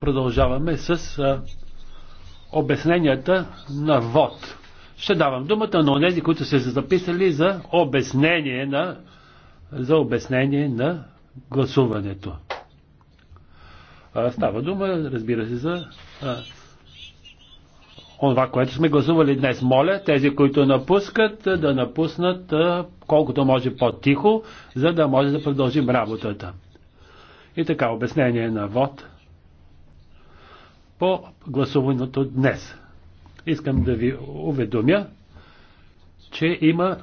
Продължаваме с а, обясненията на ВОД. Ще давам думата на онези, които се записали за обяснение на, за обяснение на гласуването. А, става дума, разбира се, за а, онова, което сме гласували днес. Моля тези, които напускат, да напуснат а, колкото може по-тихо, за да може да продължим работата. И така, обяснение на ВОД по гласуваното днес. Искам да ви уведомя, че има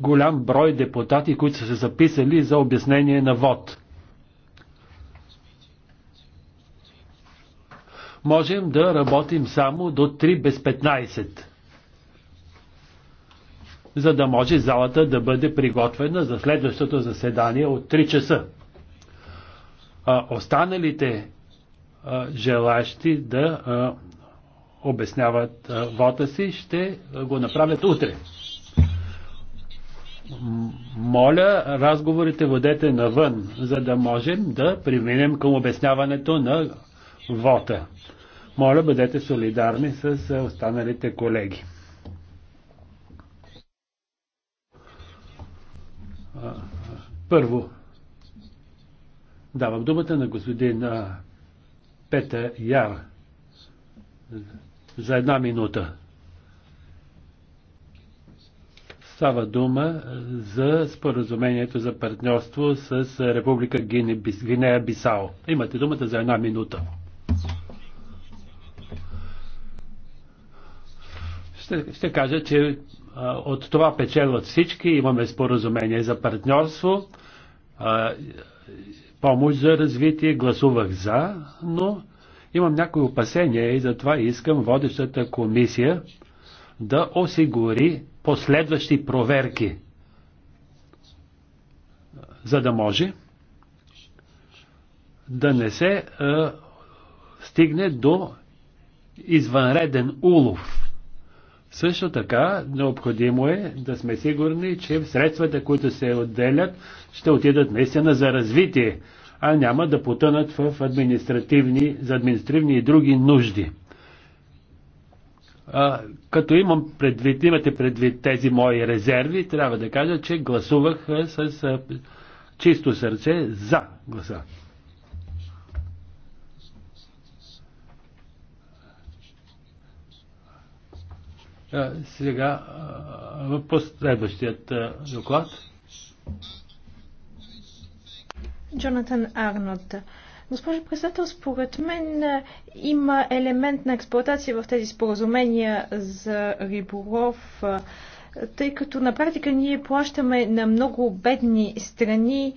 голям брой депутати, които са се записали за обяснение на вод. Можем да работим само до 3 без 15, за да може залата да бъде приготвена за следващото заседание от 3 часа. А останалите желащи да обясняват вота си, ще го направят утре. Моля, разговорите водете навън, за да можем да преминем към обясняването на вота. Моля, бъдете солидарни с останалите колеги. Първо, давам думата на господин Петър Яр за една минута. Става дума за споразумението за партньорство с Република Гинея-Бисао. Имате думата за една минута. Ще, ще кажа, че а, от това печелват всички. Имаме споразумение за партньорство. А, помощ за развитие, гласувах за, но имам някои опасения и затова искам водещата комисия да осигури последващи проверки, за да може да не се а, стигне до извънреден улов. Също така, необходимо е да сме сигурни, че средствата, които се отделят, ще отидат наистина за развитие, а няма да потънат в административни, за административни и други нужди. А, като имам предвид, имате предвид тези мои резерви, трябва да кажа, че гласувах с а, чисто сърце за гласа. Сега в последващият доклад. Джонатан Арнот. Госпожо председател, според мен има елемент на експлуатация в тези споразумения за риболов, тъй като на практика ние плащаме на много бедни страни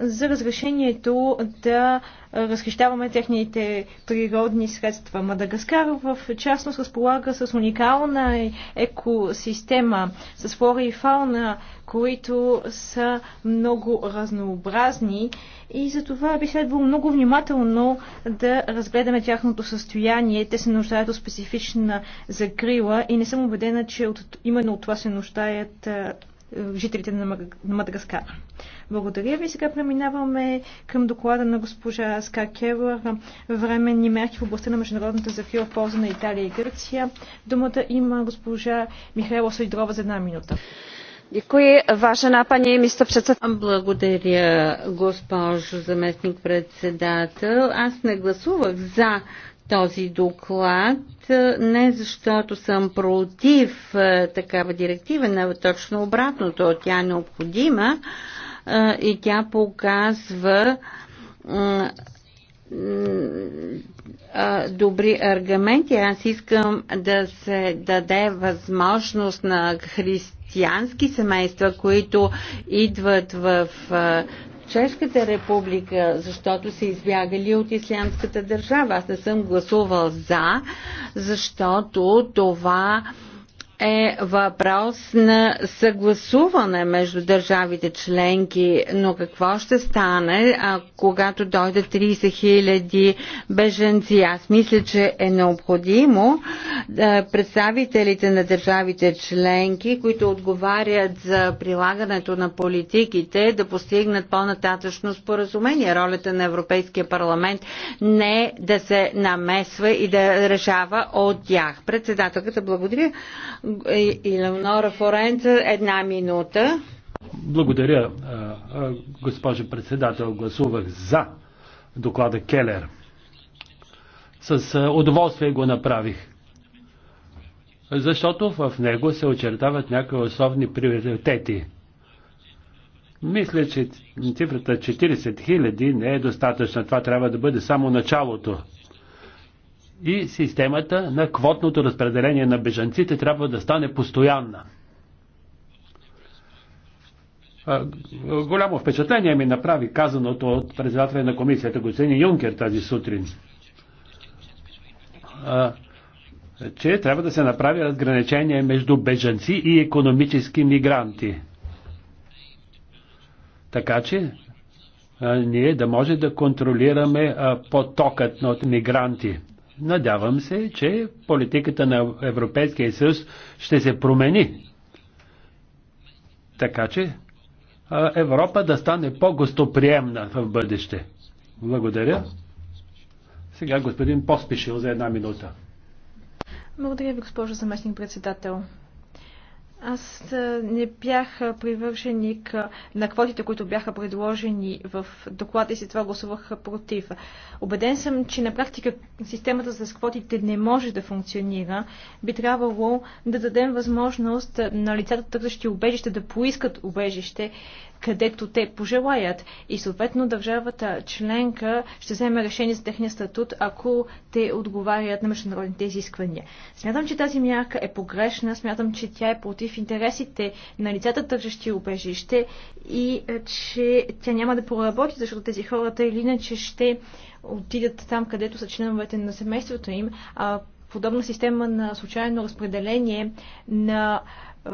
за разрешението да разхищаваме техните природни средства. Мадагаскар в частност разполага с уникална екосистема, с флора и фауна, които са много разнообразни и за това би следвало много внимателно да разгледаме тяхното състояние. Те се нуждаят от специфична закрила и не съм убедена, че от, именно от това се нуждаят жителите на Мадагаскар. Благодаря ви. Сега преминаваме към доклада на госпожа Ска Келър. Временни мерки в областта на международната закрила в полза на Италия и Гърция. Думата има госпожа Михайло Сойдрова за една минута. Благодаря, госпожо заместник председател. Аз не гласувах за този доклад, не защото съм против такава директива, не точно обратното, тя е необходима и тя показва добри аргументи. Аз искам да се даде възможност на християнски семейства, които идват в Чешката република, защото са избягали от ислямската държава. Аз не съм гласувал за, защото това е въпрос на съгласуване между държавите членки, но какво ще стане, а, когато дойдат 30 000 беженци? Аз мисля, че е необходимо да представителите на държавите членки, които отговарят за прилагането на политиките, да постигнат по-нататъчно споразумение. Ролята на Европейския парламент не е да се намесва и да решава от тях. Председателката, благодаря. Илонора Форенца, една минута. Благодаря, госпожо председател. Гласувах за доклада Келер. С удоволствие го направих. Защото в него се очертават някои основни приоритети. Мисля, че цифрата 40 000 не е достатъчна. Това трябва да бъде само началото и системата на квотното разпределение на бежанците трябва да стане постоянна. Голямо впечатление ми направи казаното от председателя на комисията господин Юнкер тази сутрин, че трябва да се направи разграничение между бежанци и економически мигранти. Така че ние да може да контролираме потокът от мигранти. Надявам се, че политиката на Европейския съюз ще се промени. Така че Европа да стане по-гостоприемна в бъдеще. Благодаря. Сега господин Поспишил за една минута. Благодаря ви, госпожо заместник председател. Аз не бях привърженик на квотите, които бяха предложени в доклада и си това гласувах против. Обеден съм, че на практика системата с квотите не може да функционира. Би трябвало да дадем възможност на лицата, търсещи убежище, да поискат убежище, където те пожелаят. И съответно държавата членка ще вземе решение за техния статут, ако те отговарят на международните изисквания. Смятам, че тази мярка е погрешна, смятам, че тя е против интересите на лицата, държащи убежище и е, че тя няма да проработи, защото тези хората или иначе ще отидат там, където са членовете на семейството им, а подобна система на случайно разпределение на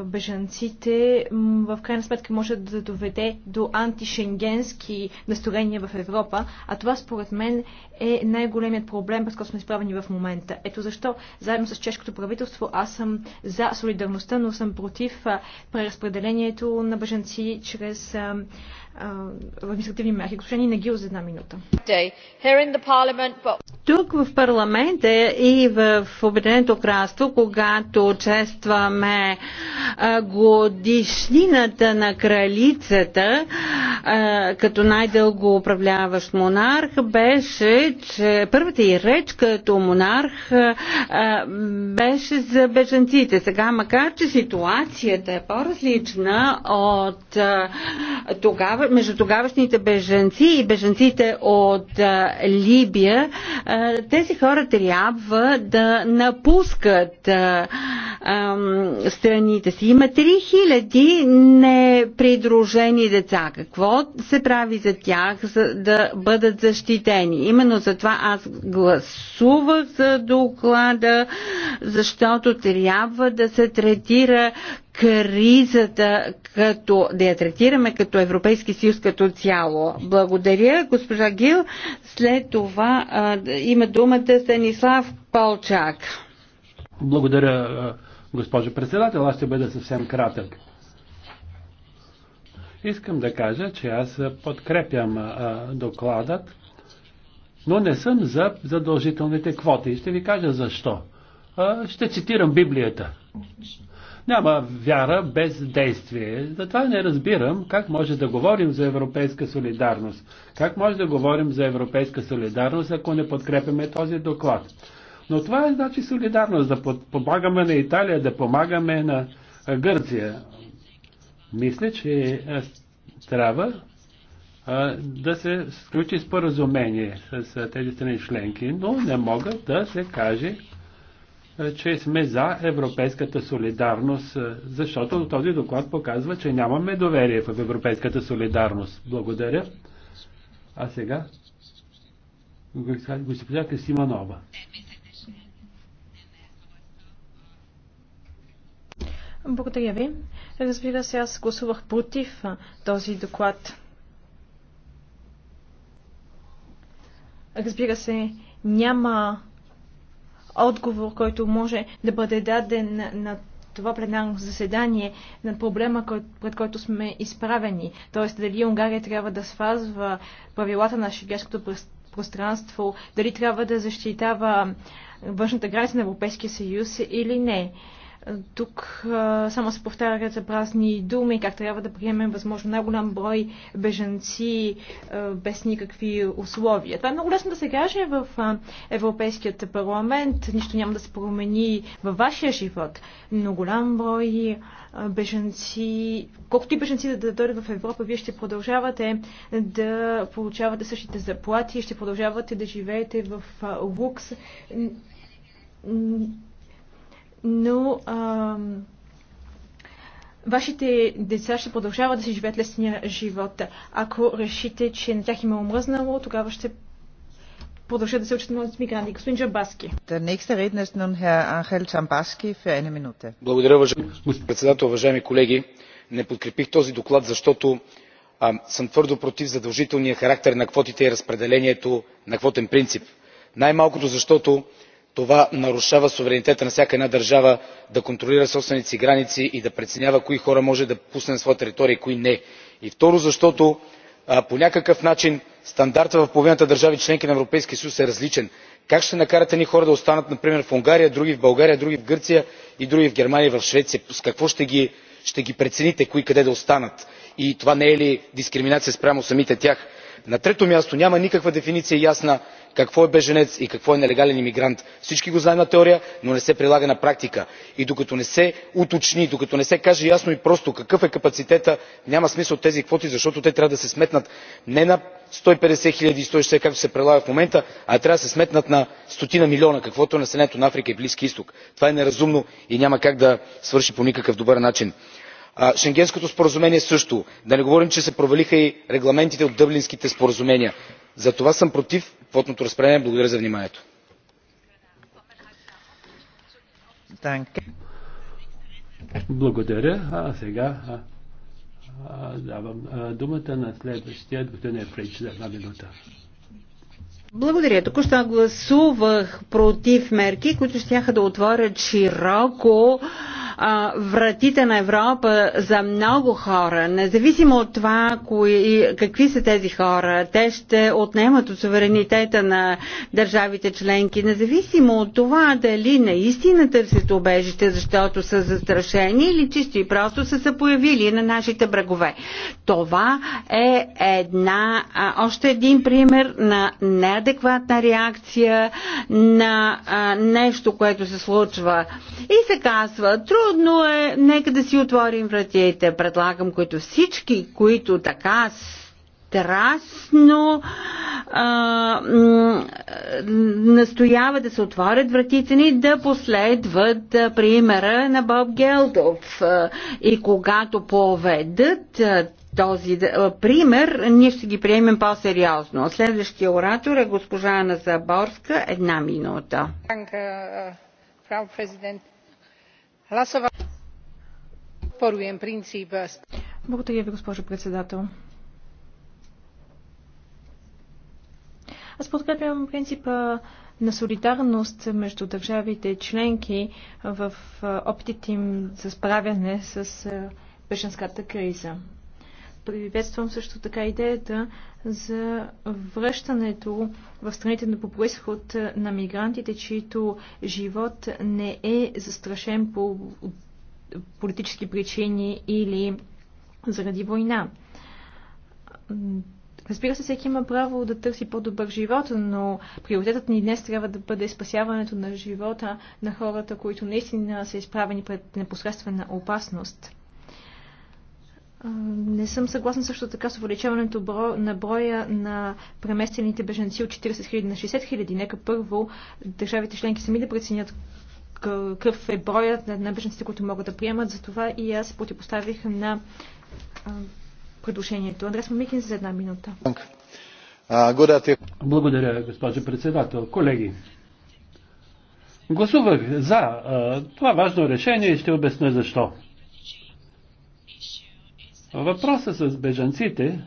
бежанците в крайна сметка може да доведе до антишенгенски настроения в Европа, а това според мен е най-големият проблем, пред който сме изправени в момента. Ето защо, заедно с чешкото правителство, аз съм за солидарността, но съм против преразпределението на бежанци чрез административни мерки. Господин Нагил за една минута. Тук в парламента и в Обединеното кралство, когато честваме годишнината на кралицата, като най-дълго управляващ монарх, беше, че първата и реч като монарх беше за беженците. Сега, макар че ситуацията е по-различна от тогава, между тогавашните беженци и беженците от Либия. Тези хора трябва да напускат страните си. Има 3000 непридружени деца. Какво се прави за тях, за да бъдат защитени? Именно за това аз гласувах за доклада, защото трябва да се третира кризата, като да я третираме като Европейски съюз като цяло. Благодаря, госпожа Гил. След това а, има думата Станислав Палчак. Благодаря, госпожо председател. Аз ще бъда съвсем кратък. Искам да кажа, че аз подкрепям а, докладът, но не съм за задължителните квоти. Ще ви кажа защо. А, ще цитирам Библията. Няма вяра без действие. Затова не разбирам как може да говорим за европейска солидарност. Как може да говорим за европейска солидарност, ако не подкрепяме този доклад. Но това е значи солидарност, да помагаме на Италия, да помагаме на Гърция. Мисля, че трябва да се сключи споразумение с тези страни членки, но не мога да се каже че сме за европейската солидарност, е, защото този доклад показва, че нямаме доверие в европейската солидарност. Благодаря. А сега госпожа Нова. Благодаря ви. Разбира се, аз гласувах против този доклад. Разбира се, няма отговор, който може да бъде даден на това пленарно заседание на проблема, пред който сме изправени. Тоест дали Унгария трябва да спазва правилата на шегешкото пространство, дали трябва да защитава външната граница на Европейския съюз или не. Тук само се повтарят за празни думи, как трябва да приемем възможно най-голям брой беженци без никакви условия. Това е много лесно да се каже в Европейският парламент. Нищо няма да се промени във вашия живот. Но голям брой беженци, колкото и беженци да дойдат в Европа, вие ще продължавате да получавате същите заплати, ще продължавате да живеете в лукс но а, вашите деца ще продължават да си живеят лесния живот. Ако решите, че на тях има омръзнало, тогава ще продължат да се учат младите мигранти. Господин Джамбаски. Е Благодаря, уважаеми господин председател, уважаеми колеги. Не подкрепих този доклад, защото а, съм твърдо против задължителния характер на квотите и разпределението на квотен принцип. Най-малкото защото това нарушава суверенитета на всяка една държава да контролира собствените си граници и да преценява кои хора може да пусне на своя територия и кои не. и второ защото по някакъв начин стандартът в половината държави – членки на европейския съюз, е различен. как ще накарате едни хора да останат например в унгария други в българия други в гърция и други в германия и в швеция? с какво ще ги прецените кои къде да останат? и това не е ли дискриминация спрямо самите тях? на трето място няма никаква ясна дефиниция какво е бежанец и какво е нелегален имигрант. всички го знаем на теория но не се прилага на практика и докато не се уточни докато не се каже ясно и просто какъв е капацитетът няма смисъл от тези квоти защото те трябва да се сметнат не на сто и петдесет хиляди и сто и шестдесет както се предлага в момента а трябва да се сметнат на стотина милиона каквото е населението на африка и близкия изток. това е неразумно и няма как да свърши по никакъв добър начин шенгенското споразумение също. да не говорим че се провалиха и регламентите от дъблинските споразумения. затова съм против квотното разпределение. благодаря за вниманието. Благодаря. А сега а, давам а, думата на следващия господин Ефрич за една минута. Благодаря. Току-що гласувах против мерки, които ще да отворят широко а, а, вратите на Европа за много хора, независимо от това кои, какви са тези хора. Те ще отнемат от суверенитета на държавите членки, независимо от това дали наистина търсят обежище, защото са застрашени или чисто и просто са се появили на нашите брегове. Това е една, а, още един пример на неадекватна реакция на а, нещо, което се случва. И се казва, трудно Трудно е, нека да си отворим вратите. Предлагам, които всички, които така страстно а, настоява да се отворят вратите ни, да последват а, примера на Боб Гелдов. А, и когато поведат а, този а, пример, ние ще ги приемем по-сериозно. Следващия оратор е госпожа Ана Заборска. Една минута. Благодаря, благодаря ви, госпожо председател. Аз подкрепям принципа на солидарност между държавите членки в опитите им за справяне с бешенската криза приветствам също така идеята за връщането в страните на по происход на мигрантите, чието живот не е застрашен по политически причини или заради война. Разбира се, всеки има право да търси по-добър живот, но приоритетът ни днес трябва да бъде спасяването на живота на хората, които наистина са изправени пред непосредствена опасност. Не съм съгласна също така с увеличаването на броя на преместените беженци от 40 000 на 60 000. Нека първо държавите членки сами да преценят какъв е броят на беженците, които могат да приемат. Затова и аз се противопоставих на предложението. Андрес Мамикин за една минута. Благодаря, госпожо председател. Колеги, гласувах за това важно решение и ще обясня защо. Въпросът с бежанците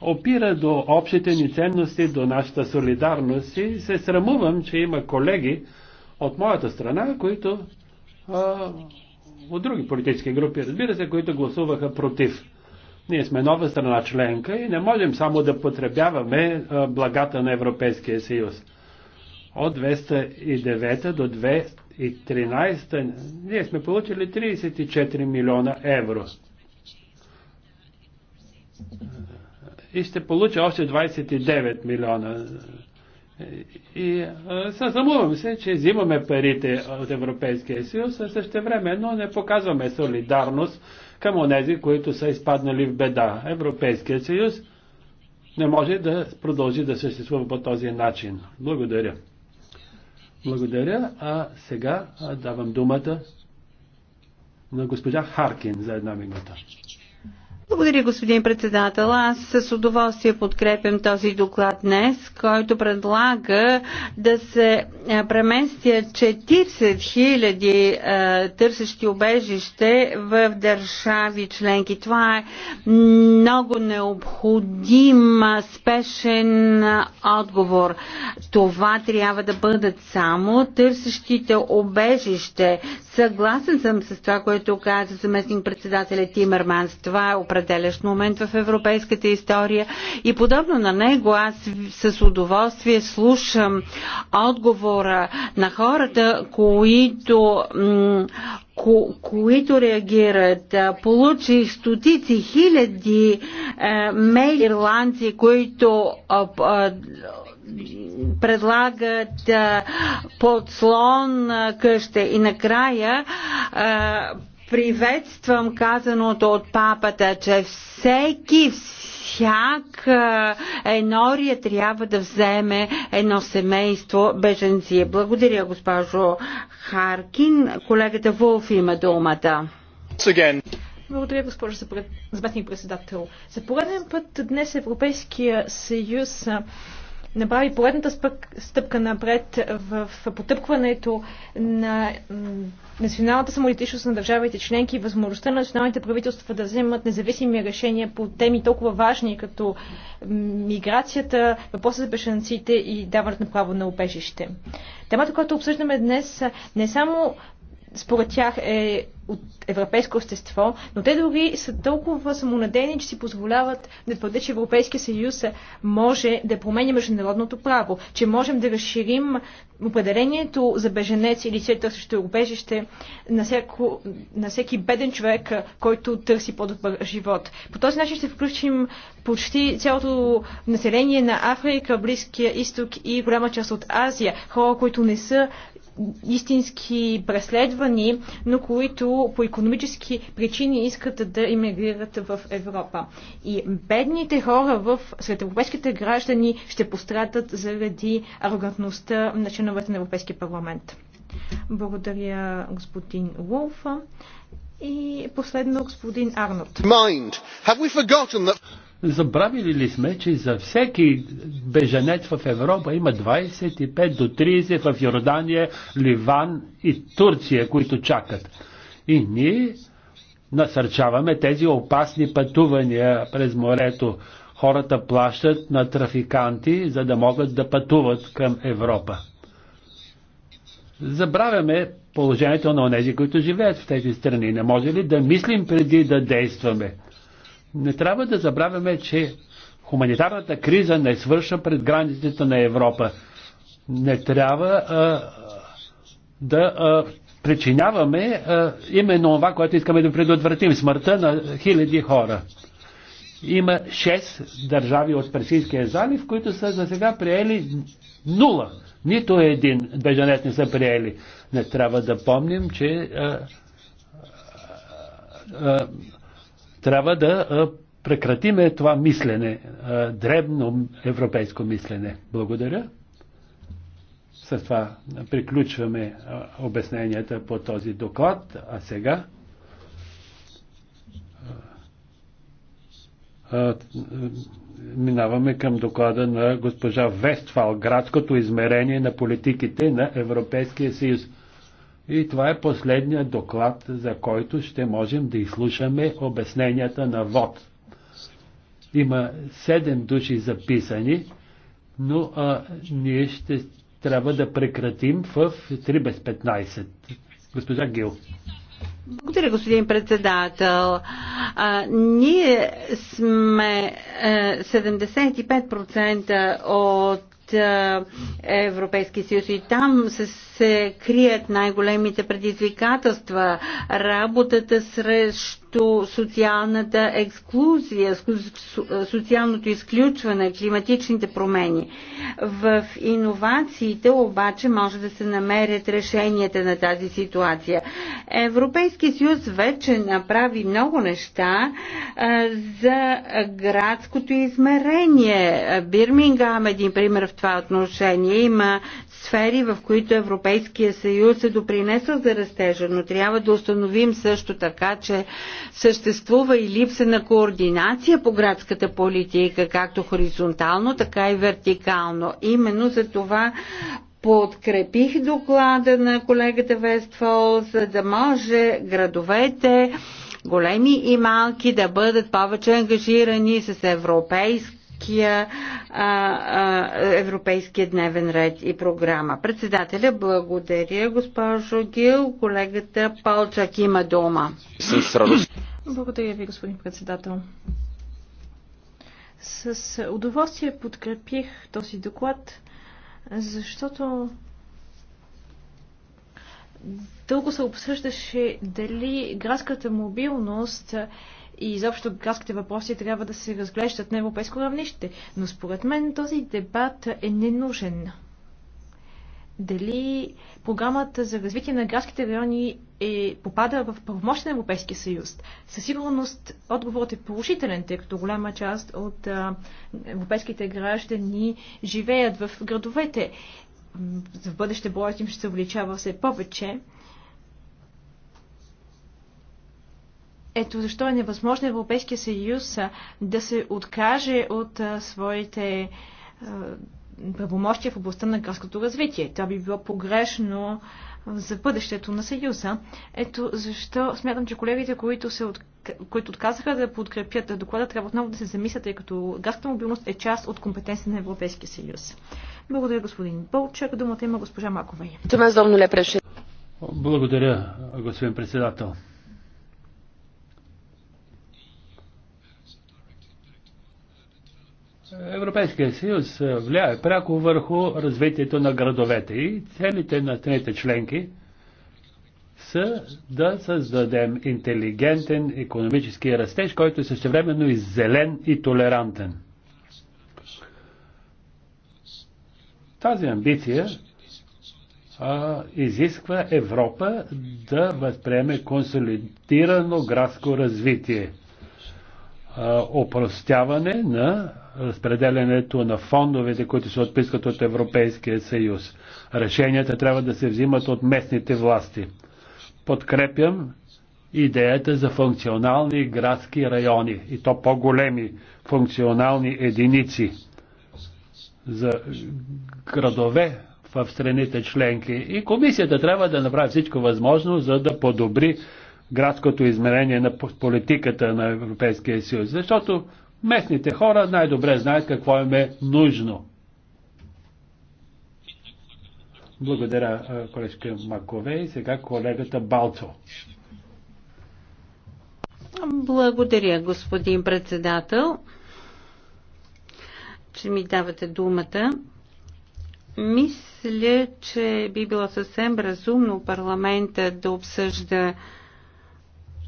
опира до общите ни ценности, до нашата солидарност и се срамувам, че има колеги от моята страна, които а, от други политически групи, разбира се, които гласуваха против. Ние сме нова страна членка и не можем само да потребяваме а, благата на Европейския съюз. От 209 до 213 ние сме получили 34 милиона евро и ще получа още 29 милиона. И е, съзамувам се, че взимаме парите от Европейския съюз, а също време, но не показваме солидарност към онези, които са изпаднали в беда. Европейския съюз не може да продължи да съществува по този начин. Благодаря. Благодаря. А сега давам думата на госпожа Харкин за една минута. Благодаря, господин председател. Аз с удоволствие подкрепям този доклад днес, който предлага да се преместят 40 000 търсещи обежище в държави членки. Това е много необходим е, спешен е, отговор. Това трябва да бъдат само търсещите обежище. Съгласен съм с това, което каза заместник председателя Тимерманс. Това е определящ момент в европейската история и подобно на него аз с удоволствие слушам отговора на хората, които ко- които реагират. Получих стотици хиляди е, мейли ирландци, които е, е, предлагат е, подслон е, къща и накрая е, приветствам казаното от папата, че всеки, всяк е, енория трябва да вземе едно семейство беженци. Благодаря, госпожо Харкин. Колегата Вулф има думата. Благодаря, госпожо заместник председател. За пореден път днес Европейския съюз направи поредната стъпка напред в потъпкването на националната самолитичност на държавите членки и възможността на националните правителства да вземат независими решения по теми толкова важни, като миграцията, въпроса за бешенците и даването на право на убежище. Темата, която обсъждаме днес, не само според тях е от европейско общество, но те дори са толкова самонадени, че си позволяват да твърде, че Европейския съюз може да променя международното право, че можем да разширим определението за беженец или се търсещо убежище на, всяко, на всеки беден човек, който търси по-добър живот. По този начин ще включим почти цялото население на Африка, Близкия изток и голяма част от Азия, хора, които не са истински преследвани, но които по економически причини искат да иммигрират в Европа. И бедните хора в, сред европейските граждани ще пострадат заради арогантността на членовете на Европейския парламент. Благодаря господин Уолф. И последно господин Арнот. That... Забравили ли сме, че за всеки беженец в Европа има 25 до 30 в Йордания, Ливан и Турция, които чакат. И ние насърчаваме тези опасни пътувания през морето. Хората плащат на трафиканти, за да могат да пътуват към Европа. Забравяме положението на онези, които живеят в тези страни. Не може ли да мислим преди да действаме? Не трябва да забравяме, че хуманитарната криза не свършва пред границите на Европа. Не трябва а, да а, причиняваме а, е, именно това, което искаме да предотвратим смъртта на хиляди хора. Има 6 държави от Персийския залив, които са за сега приели нула. Нито един бежанец не са приели. Не трябва да помним, че а, е, а, е, трябва да а, прекратиме това мислене, а, дребно европейско мислене. Благодаря. С това приключваме обясненията по този доклад. А сега минаваме към доклада на госпожа Вестфал, градското измерение на политиките на Европейския съюз. И това е последният доклад, за който ще можем да изслушаме обясненията на ВОД. Има седем души записани, но а, ние ще трябва да прекратим в 3 без 15. Госпожа Гил. Благодаря, господин председател. А, ние сме е, 75% от е, Европейския съюз и там се, се крият най-големите предизвикателства. Работата срещу както социалната ексклюзия, социалното изключване, климатичните промени. В иновациите обаче може да се намерят решенията на тази ситуация. Европейския съюз вече направи много неща а, за градското измерение. Бирмингам е един пример в това отношение. Има сфери, в които Европейския съюз е допринесъл за растежа, но трябва да установим също така, че съществува и липса на координация по градската политика, както хоризонтално, така и вертикално. Именно за това подкрепих доклада на колегата Вестфол, за да може градовете големи и малки да бъдат повече ангажирани с европейски европейския, а, а, европейския дневен ред и програма. Председателя, благодаря, госпожо Гил. Колегата Палчак има дома. Благодаря ви, господин председател. С удоволствие подкрепих този доклад, защото дълго се обсъждаше дали градската мобилност и изобщо градските въпроси трябва да се разглеждат на европейско равнище. Но според мен този дебат е ненужен. Дали програмата за развитие на градските райони е, попада в правомощен европейски Европейския съюз? Със сигурност отговорът е положителен, тъй като голяма част от а, европейските граждани живеят в градовете. В бъдеще броят им ще се увеличава все повече. Ето защо е невъзможно Европейския съюз да се откаже от своите правомощия в областта на градското развитие. Това би било погрешно за бъдещето на Съюза. Ето защо смятам, че колегите, които, се от... които отказаха да подкрепят доклада, трябва отново да се замислят, тъй като градската мобилност е част от компетенция на Европейския съюз. Благодаря, господин Болчак. Думата има госпожа Макова. Благодаря, господин председател. Европейския съюз е, влияе пряко върху развитието на градовете и целите на трите членки са да създадем интелигентен економически растеж, който е същевременно и зелен и толерантен. Тази амбиция а, изисква Европа да възприеме консолидирано градско развитие – опростяване на разпределянето на фондовете, които се отпискат от Европейския съюз. Решенията трябва да се взимат от местните власти. Подкрепям идеята за функционални градски райони и то по-големи функционални единици за градове в страните членки. И комисията трябва да направи всичко възможно, за да подобри градското измерение на политиката на Европейския съюз, защото местните хора най-добре знаят какво им е нужно. Благодаря, колежка Макове. И сега колегата Балцо. Благодаря, господин председател, че ми давате думата. Мисля, че би било съвсем разумно парламента да обсъжда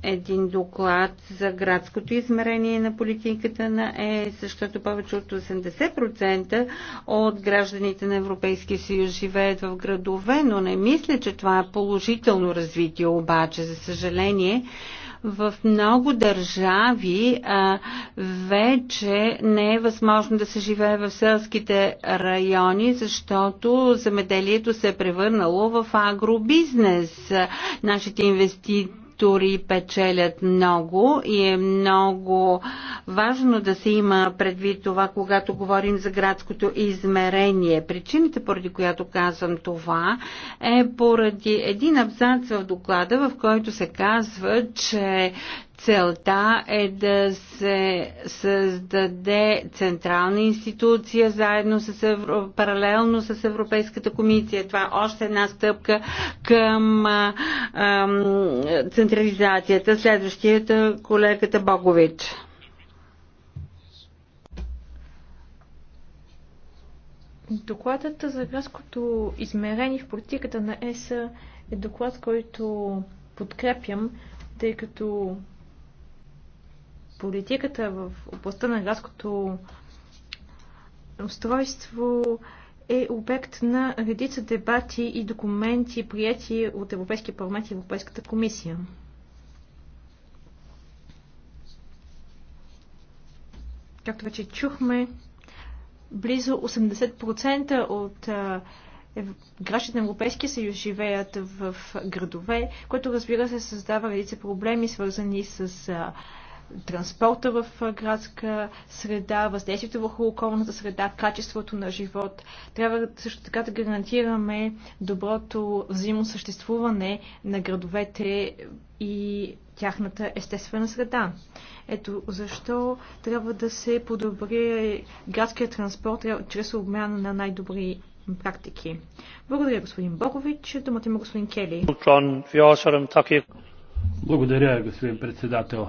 един доклад за градското измерение на политиката на ЕС, защото повече от 80% от гражданите на Европейския съюз живеят в градове, но не мисля, че това е положително развитие обаче, за съжаление в много държави а, вече не е възможно да се живее в селските райони, защото замеделието се е превърнало в агробизнес. Нашите инвестиции структури печелят много и е много важно да се има предвид това, когато говорим за градското измерение. Причината, поради която казвам това, е поради един абзац в доклада, в който се казва, че Целта е да се създаде централна институция заедно с Евро... паралелно с Европейската комисия. Това е още една стъпка към а, а, централизацията. Следващият е колегата Богович. Докладът за градското измерение в политиката на ЕС е доклад, който подкрепям, тъй като политиката в областта на градското устройство е обект на редица дебати и документи, прияти от Европейския парламент и Европейската комисия. Както вече чухме, близо 80% от гражданите на Европейския съюз живеят в градове, което разбира се създава редица проблеми, свързани с транспорта в градска среда, въздействието върху околната среда, качеството на живот. Трябва също така да гарантираме доброто взаимосъществуване на градовете и тяхната естествена среда. Ето защо трябва да се подобри градския транспорт чрез обмяна на най-добри практики. Благодаря, господин Богович. Думата има господин Кели. Благодаря, господин председател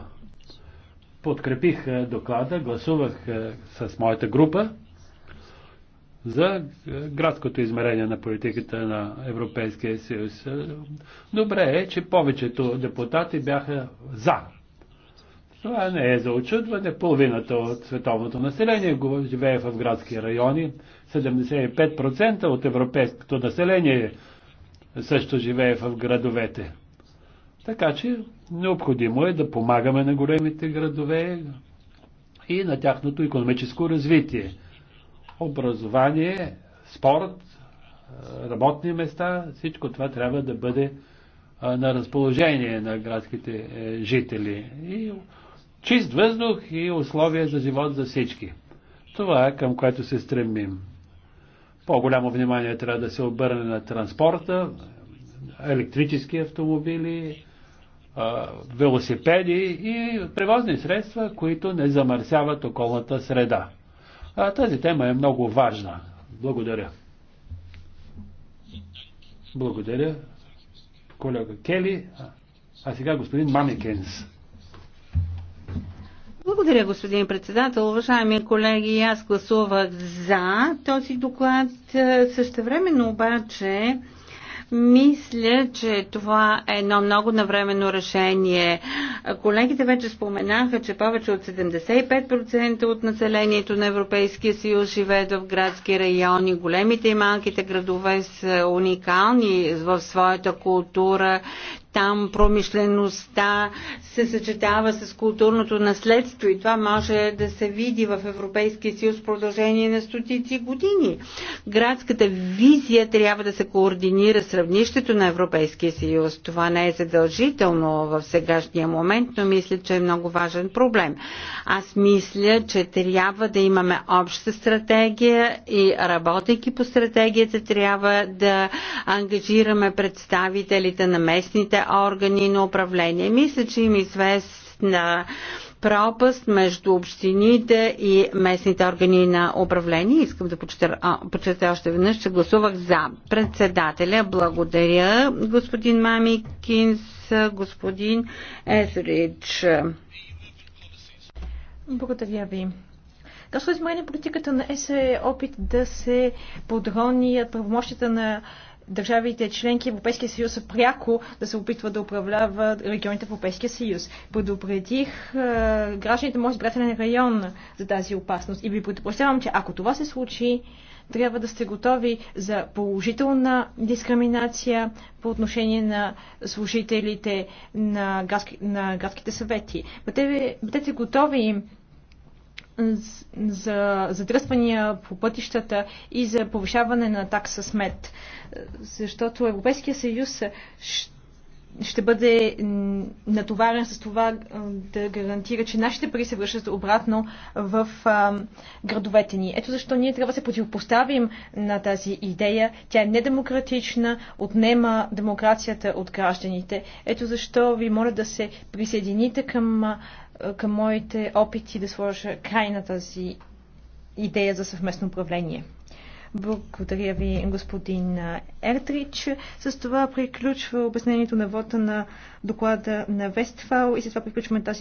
подкрепих е, доклада, гласувах е, с моята група за е, градското измерение на политиката на Европейския съюз. Добре е, че повечето депутати бяха за. Това не е за очудване. Половината от световното население живее в градски райони. 75% от европейското население също живее в градовете. Така че необходимо е да помагаме на големите градове и на тяхното економическо развитие. Образование, спорт, работни места, всичко това трябва да бъде на разположение на градските е, жители. И чист въздух и условия за живот за всички. Това е към което се стремим. По-голямо внимание трябва да се обърне на транспорта, електрически автомобили, велосипеди и превозни средства, които не замърсяват околната среда. А, тази тема е много важна. Благодаря. Благодаря, колега Кели. А сега господин Мамикенс. Благодаря, господин председател. Уважаеми колеги, аз гласувах за този доклад. Същевременно обаче мисля, че това е едно много навременно решение. Колегите вече споменаха, че повече от 75% от населението на Европейския съюз живеят в градски райони. Големите и малките градове са уникални в своята култура. Там промишлеността се съчетава с културното наследство и това може да се види в Европейския съюз в продължение на стотици години. Градската визия трябва да се координира с равнището на Европейския съюз. Това не е задължително в сегашния момент, но мисля, че е много важен проблем. Аз мисля, че трябва да имаме обща стратегия и работейки по стратегията трябва да ангажираме представителите на местните органи на управление. Мисля, че им известна пропаст между общините и местните органи на управление. Искам да почета още веднъж, че гласувах за председателя. Благодаря, господин Мамикинс, господин Езрич. Благодаря ви. Дошло измерение политиката на ЕС е опит да се подрони правомощите на държавите членки Европейския съюз пряко да се опитват да управляват регионите в Европейския съюз. Предупредих е, гражданите моят избирателен район за тази опасност и ви предупреждавам, че ако това се случи, трябва да сте готови за положителна дискриминация по отношение на служителите на, градски, на градските съвети. Бъдете, бъдете готови за задръствания по пътищата и за повишаване на такса смет. Защото Европейския съюз ще бъде натоварен с това да гарантира, че нашите пари се връщат обратно в градовете ни. Ето защо ние трябва да се противопоставим на тази идея. Тя е недемократична, отнема демокрацията от гражданите. Ето защо ви моля да се присъедините към към моите опити да сложа край на тази идея за съвместно управление. Благодаря ви, господин Ертрич. С това приключва обяснението на вота на доклада на Вестфал и с това приключваме тази